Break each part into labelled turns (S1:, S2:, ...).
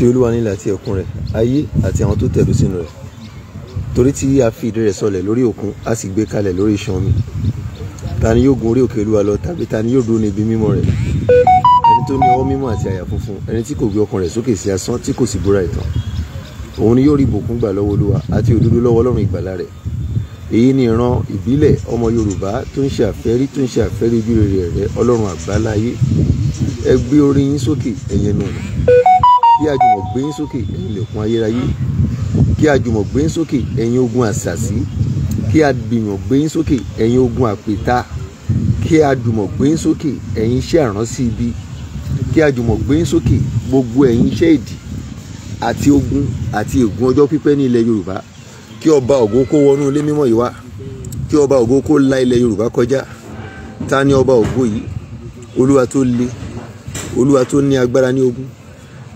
S1: tí olúwa nílẹ̀ àti ẹ̀kún rẹ̀ ayé àti àwọn tó tẹ̀dó sínú rẹ̀ torí tí a fi ìdí rẹ̀ sọlẹ̀ lórí òkun a sì gbé kalẹ̀ lórí iṣan omi ta ni yóò gun orí òkè olúwa lọ tàbí ta ni yóò dúró ní ibi mímọ́ rẹ̀ ẹni tó ní ọwọ́ mímọ́ àti àyà funfun ẹni tí kò gbé ọkàn rẹ̀ sókè sí asán tí kò sì búra ìtàn òun ni yóò rí ìbùkún gbà lọ́wọ́ olúwa àti òdodo lọ́wọ́ ọlọ́run ìgbàlà rẹ̀ èyí ni ìran ìbílẹ̀ ọmọ yorùbá tó ń ṣe àfẹ́rí tó ń ṣe àfẹ́rí bí rere rẹ̀ ọlọ́run àgbáláyé ẹ gbé orí yín sókè ẹ̀yẹn nù kí a jùmọ̀ gbé yín sókè ẹ̀yin ilẹ̀kùn ayérayé kí a jùmọ̀ gbé yín sókè ẹ̀yin ogun àṣàṣì kí a gbìmọ̀ gbé yín sókè ẹ̀yin ogun àpèta kí a jùmọ̀ gbé yín sókè ẹ̀yin iṣẹ́ àránsí ibi kí a jùmọ̀ gbé yín sókè gbogbo ẹ̀yin iṣẹ́ ìdì àti ogun àti ègún ọjọ́ pípẹ́ ní ilẹ̀ Yorùbá kí ọba ògo kó wọnú ilé mímọ́ yìí wá kí ọba ògo kó la ilẹ̀ Yorùbá kọjá ta ni ọba ògo yìí olúwa tó le olúwa tó ní agbára ní ogun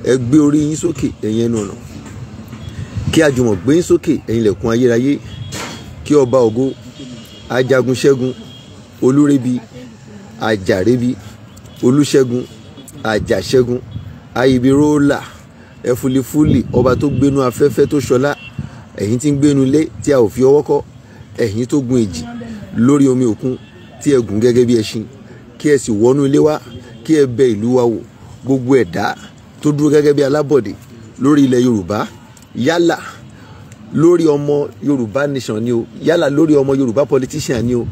S1: ẹ gbé orí yín sókè ẹ̀yin ẹnu ọ̀nà kí àjùmọ̀ gbé yín sókè ẹ̀yin ilẹ̀kùn ayérayé kí ọba ògo ajagun ṣẹ́gun olúrebi ajarebi olúṣẹ́gun ajaṣẹ́gun ayibirola ẹfulifuli ọba tó gbénu afẹ́fẹ́ tó ṣọlá ẹ̀yin tí ń gbénu ilé tí a ò fi ọwọ́ kọ́ ẹ̀yin tó gun èjì lórí omi òkun tí ẹ gùn gẹ́gẹ́ bí ẹṣin kí ẹ sì wọnú ilé wa kí ẹ bẹ ìlú wa wò gbogbo ẹ̀dá e tó dúró gẹ́gẹ́ bí alábọ̀dé lórí ilẹ̀ yorùbá yálà lórí ọmọ yorùbá nation ni o yálà lórí ọmọ yorùbá politician ni o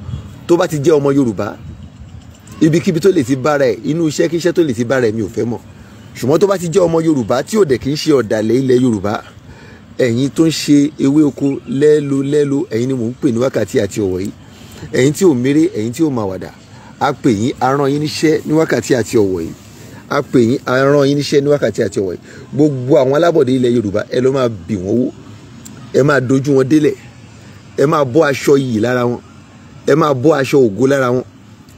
S1: tó bá ti jẹ́ ọmọ yorùbá ibikíbi tó lè ti bára ẹ̀ inú iṣẹ́ kíṣẹ́ tó lè ti bára ẹ̀ mi ò fẹ́ mọ̀ ṣùgbọ́n tó bá ti jẹ́ ọmọ yorùbá tí ò dẹ̀ kì í ṣe ọ̀dàlẹ̀ ilẹ̀ yorùbá ẹ̀yin tó ń ṣe ewé oko lẹ́lo lẹ́lo ẹ̀yin ni mò ń pè ní wákàtí àti ọ̀wọ̀ yìí ẹ̀yin tí ò mérè ẹ̀yin tí ò màwàdà a pè yín a yín níṣẹ́ ní wákàtí àti ọ̀wọ̀ yìí a pè yín a rán yín níṣẹ́ ní wákàtí àti ọ̀wọ̀ yìí gbogbo àwọn alábọ̀dé ilẹ̀ Yorùbá ẹ ló máa bì wọ́n wó ẹ máa dojú wọn délẹ̀ ẹ máa bọ́ aṣọ yìí lára wọn ẹ máa bọ́ aṣọ ògo lára wọn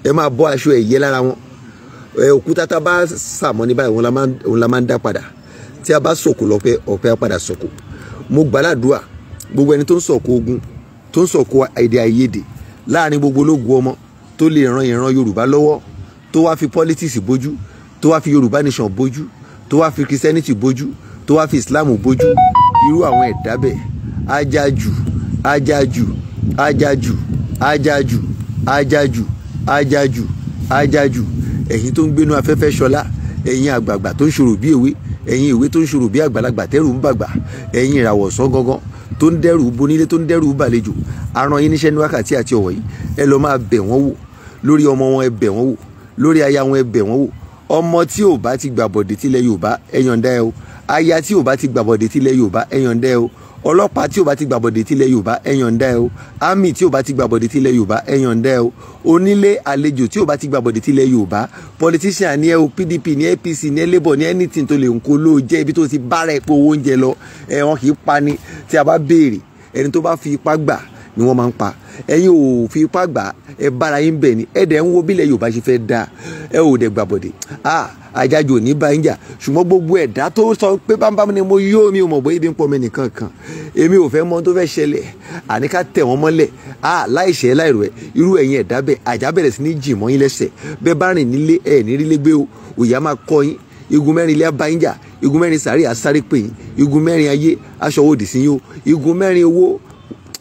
S1: ẹ máa bọ́ aṣọ ẹ̀yẹ lára wọn ẹ òkúta tá a bá sàmọ́ ní báyìí òun la máa ń dá padà tí a bá sọ̀kò lọ́pẹ́ ọ̀pẹ́ á padà sọ̀kò mo gbàládùá gbogbo ẹni tó ń sọ̀kò ogun tó ń sọ̀kò èdè àìyedè láàrin gbogbo ológun ọmọ tó lè ran ìran Yorùbá lọ́wọ́ tó wá fi politics bójú tó wá fi yorùbá nation bójú tó wá fi christianity bójú tó wá fi islam bójú irú àwọn ẹ̀dá bẹ́ẹ̀ ajájù ajájù ajájù ajájù ajájù ajájù ajájù ẹ̀yin tó ń gbénu afẹ́fẹ́ ṣọlá ẹ̀yin àgbààgbà tó ń ṣòro bí èwe ẹ̀yin èwe tó ń ṣòro bí àgbàlagbà tẹ́rù ń bàgbà ẹ̀yin ìràwọ̀ sán gangan tó ń dẹ́rù bonílé tó ń dẹ́rù bàlejò aran yín níṣẹ́ ní wákàtí àti ọ̀wọ̀ yìí ẹ lọ́ọ́ máa bẹ̀ wọ́n wò lórí ọmọ wọn ẹ bẹ̀ wọ́n wò lórí aya wọn ẹ bẹ̀ wọ́n wò ọmọ tí ò bá ti gbàbọ̀dé tilẹ̀ yorùbá ẹ̀yọ̀ǹda ẹ o aya tí ò bá ti gbàbọ̀dé tilẹ̀ yorùbá ẹ̀yọ̀ǹda ẹ o ọlọ́pàá tí ò bá ti gbàbọ̀dé tilẹ̀ yorùbá ẹ̀yọ̀ǹda ẹ o army tí ò bá ti gbàbọ̀dé tilẹ̀ yorùbá ẹ̀yọ̀ǹda ẹ o onílé àlejò tí ò bá ti gbàbọ̀dé tilẹ̀ yorùbá politician ni ẹ o pdp ni apc ní ẹ labour ní anything tó lè ń kó ló jẹ́ ibi tó ti bára ẹ̀ pé owó oúnjẹ lọ ẹ̀ wọn kì í pa ni tí a bá béèrè ẹni tó bá fi ipá gbà ni wọ́n máa ń pa ẹ̀yin ò fi ipá gbà ẹ bára yín bẹ̀ ni ẹ dẹ̀ ń wo bílẹ̀ yorùbá ṣe fẹ́ dáa ẹ ò dẹ̀ gbàbọ̀dẹ̀ ah ajájò ní bá ń jà ṣùgbọ́n gbogbo ẹ̀dá tó sọ pé bámbám ni mo yóò mi ò mọ̀ bóyá ibi ń pọ̀ mi nìkan kan èmi ò fẹ́ mọ tó fẹ́ ṣẹlẹ̀ àní ká tẹ̀ wọ́n mọ́lẹ̀ ah láìṣẹ̀ láìrò ẹ̀ irú ẹ̀yin ẹ̀dá bẹ́ẹ̀ àjà bẹ̀rẹ̀ sí ní jì mọ́ yín lẹ́sẹ̀ bẹ́ẹ̀ bá rìn nílé ẹ̀ nírílé gbé o òyà máa kọ́ yín igun mẹ́rin ilé abá yín igun mẹ́rin sàárè àsáré igun mẹ́rin ayé aṣọ òdì sí yín o igun mẹ́rin owó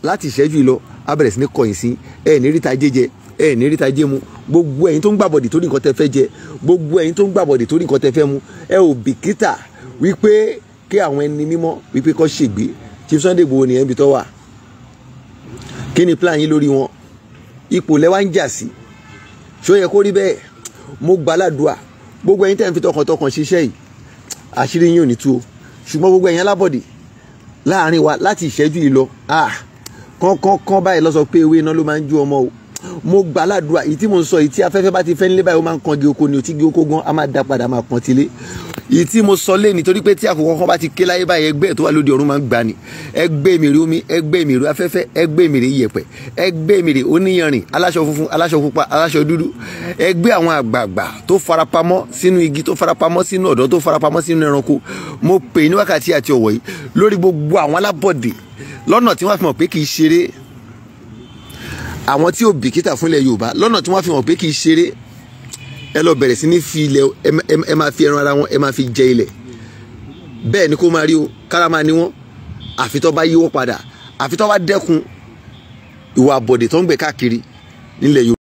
S1: láti ìṣẹ́jú ìlọ á bẹ̀rẹ̀ sí ní kọ̀yìn sí ẹ̀ ní ríta jẹ́jẹ́ ẹ̀ ní ríta jẹ́ mu gbogbo ẹ̀yin tó ń gbàbọ̀dì torí nǹkan tẹ fẹ́ jẹ gbogbo ẹ̀yin tó ń gbàbọ̀dì torí nǹkan tẹ fẹ́ mu ẹ ò bìkítà wípé kí àwọn ẹni mímọ́ wípé kó ṣègbè Chief Sunday Igboho nìyẹn bí tó wà kí ni plan yín lórí wọn ipò lẹ́wà ń jà sí ṣó yẹ kó rí bẹ́ẹ̀ mo gbàládùá gbogbo ẹ̀yin tẹ́ ń fi tọkàntọkàn ṣiṣẹ́ yìí àṣírí yín ò ní tú o ṣùgbọ́n gbogbo ẹ̀yin alábọ̀dì láàrin wa láti ìṣẹ́jú yìí lọ ah kánkán báyìí lọ sọ pé ewé iná ló máa ń ju ọmọ o mo gbà ládùúrà èyí tí mo ń sọ èyí tí afẹ́fẹ́ bá ti fẹ́ nílé báyìí ó máa ń kan gi oko ni ò tí gi oko gan a máa dá padà máa pọ̀n yìí tí mo sọ lé nítorí pé tí àkókò kan bá ti ké láyé báyìí ẹgbẹ́ tó wà lóde ọ̀run máa ń gbani ẹgbẹ́ mèrè omi ẹgbẹ́ mèrè afẹ́fẹ́ ẹgbẹ́ mèrè iyẹ̀pẹ̀ ẹgbẹ́ mèrè oníyanrìn aláṣọ funfun aláṣọ pupa aláṣọ dúdú ẹgbẹ́ àwọn àgbààgbà tó farapamọ́ sínú igi tó farapamọ́ sínú ọ̀dọ́ tó farapamọ́ sínú ẹranko mo pè ní wákàtí àti ọ̀wọ̀ yìí lórí gbogbo àwọn alábọ̀dé lọ́nà tí wọ́n fi mọ̀ pé kì í ṣeré àwọn tí ò bìkítà fúnlẹ̀ Yorùbá lọ́nà tí wọ́n fi hàn pé kì í ṣeré ẹ lọ bẹ̀rẹ̀ sí ní fi ilẹ̀ ẹ máa fi ẹran ara wọn ẹ máa fi jẹ ilẹ̀ bẹ́ẹ̀ ni kó máa rí o káràmà ni wọ́n àfi tó bá yíwọ́ padà àfi tó bá dẹ́kun ìwà àbọ̀dè tó ń gbé káàkiri nílẹ̀ Yorùbá.